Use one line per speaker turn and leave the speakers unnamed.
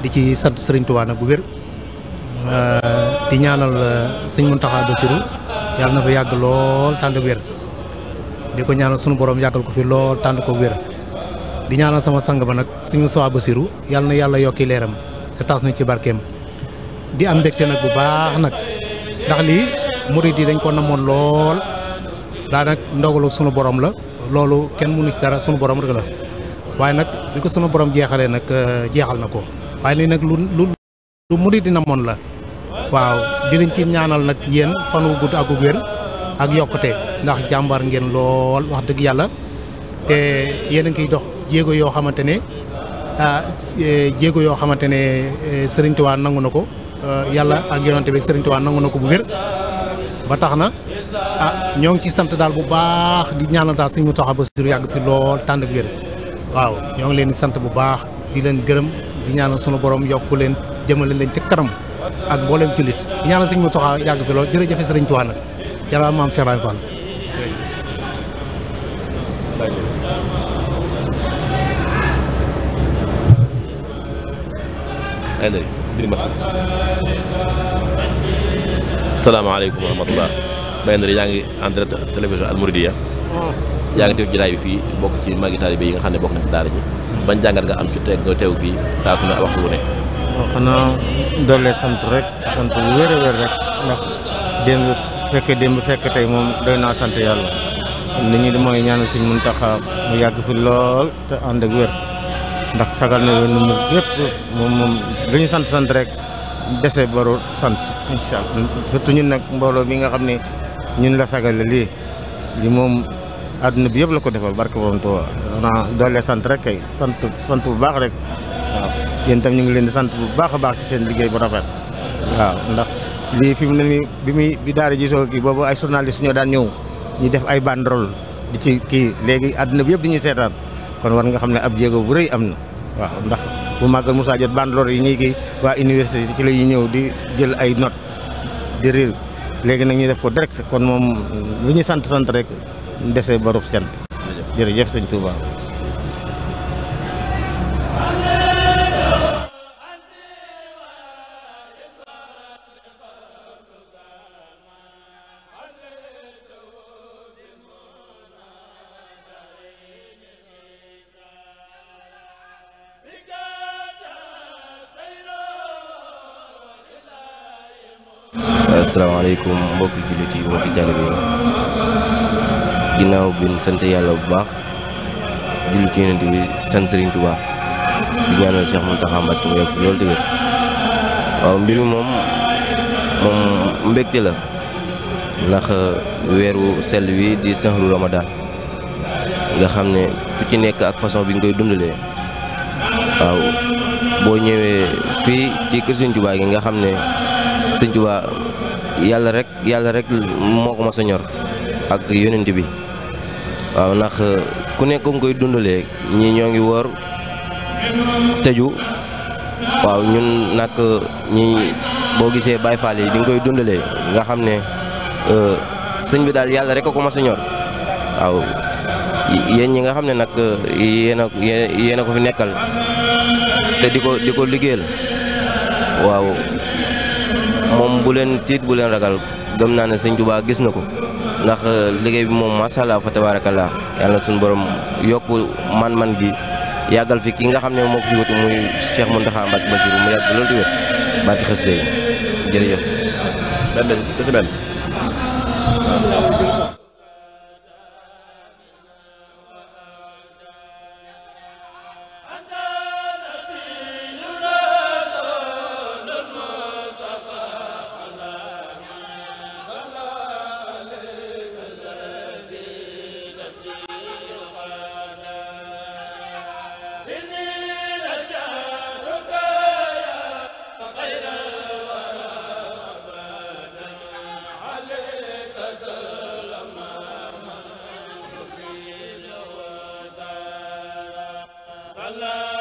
di ci sant Serigne Touba nag bu wér euh, di ñaanal euh, sëñ Mountakha Bassirou yàlla na fa yàgg lool tànd wér di ko ñaanal suñu borom yàggal ko fi lool tànd ko wér di ñaanal sama sang ba nag sëñ Moustapha Bassirou yàlla na yàlla yokki leeram te taas na ci barkeem di am mbégte nag bu baax nag ndax lii murid yi dañ ko namoon lool daa nag ndogalu sunu borom la loolu kenn mënu ci dara suñu borom rek la waaye nag bi ko sunu borom jeexalee nag euh, jeexal na ko. waaye lii nag lu lu lu murid di namoon la waaw dinañ ci ñaanal nag yéen fan wu gudd ak wér ak yokkute ndax jàmbaar ngeen lool wax dëgg yàlla te yéen a ngi dox jéego yoo xamante ne ah, eh, jéego yoo xamante ne eh, Sëriñ Tuubaa nangu na ko eh, yàlla ak yonante bi Sëriñ Tuubaa nangu na ko bu wér ba tax na ah ñoo ngi ci sant daal bu baax di ñaanal daal suñu mu taxa ba sur yàgg fi lool tànd ak wér waaw ñoo ngi leen sant bu baax di leen gërëm di ñaanal sunu borom yokk leen jëmale leen ci kanam ak mboolem jullit di ñaanal sëñ Mountakha yàgg fi lool jërëjëf sëriñ Tuubaa nag yàlla maam Cheikh
Ibrahima Fall. salaamaaleykum wa rahmatulah. Baye Ndary yaa ngi en direct télévision Al Mouridiyyah oh. yaa ngi def jëlaay bi fii bokk ci magi taalibe yi nga xam ne bokk na ci daara ji ban jàngat nga am ci te nga teew fii saa su ne
waxtu wu ne.
waaw xanaa doole sant rek sant bu wér a wér rek ndax démb fekke démb fekk tey moom doy naa sant yàlla li ñu di mooy si mun Muntaxa mu yàgg fi lool te ànd ak wér ndax sagal na yoon mu yëpp moom moom lu ñu sant sant rek dese baru sant incha allah surtout ñun nag mbooloo bi nga xam ne ñun la sagale lii li moom àdduna bi yëpp la ko defal barke borom Tuuba xanaa doole sant rek kay sant sant bu baax rek waaw yéen tam ñu ngi leen di sant bu baax a baax ci seen liggéey bu rafet waaw ndax lii fi mu ne nii bi muy bi daara ji soo kii boobu ay journaliste ñoo daan ñëw ñu def ay banderole di ci kii léegi àdduna bi yëpp di ñu seetaan kon war nga xam ne ab jéego bu rëy am na waaw ndax bu màggal Moussa jot banderole yi ñuy kii waa di ci la ñëw di jël ay notes di réer léegi nag ñu def ko direct kon moom ñu sant sant rek ndese barub sant jërëjëf sëñ Touba
asalaamaaleykum mbokki jullit yi mbokki taalibe yi ginnaaw bi sant yàlla bu baax julli ci yonent bi sant Serigne loolu tamit waaw mbir mi moom moom la ndax weeru sell wi di sahru Ramadan nga xam ne ku ci nekk ak façon bi nga koy dundalee waaw boo ñëwee fii ci kër Serigne Touba gi nga xam ne Serigne Touba yàlla rek yàlla rek moo ko ma sa ak yonent bi waaw ndax euh, ku nekk nga koy dundalee ñii ñoo ngi woor tëju waaw ñun nag euh, ñi boo gisee Baye Fall yi di nga koy dundale nga xam ne euh, sëñ bi daal yàlla rek a ko mas waaw yéen ñi nga xam ne nag yéen a yéen a ko fi nekkal te di ko di ko liggéeyal waaw moom bu leen tiit bu leen ragal gëm naa ne sëñ Tuubaa gis na ko. ndax euh, liggéey bi moom macha allah fa tabarakallah yàlla suñu borom yokk man-man gi yàggal fi ki nga xam ne moo ko fi wuti muy Cheikh Mountakha Mbacké Bassirou mu yàgg loolu di barki xës yi jërëjëf. benn benn Allah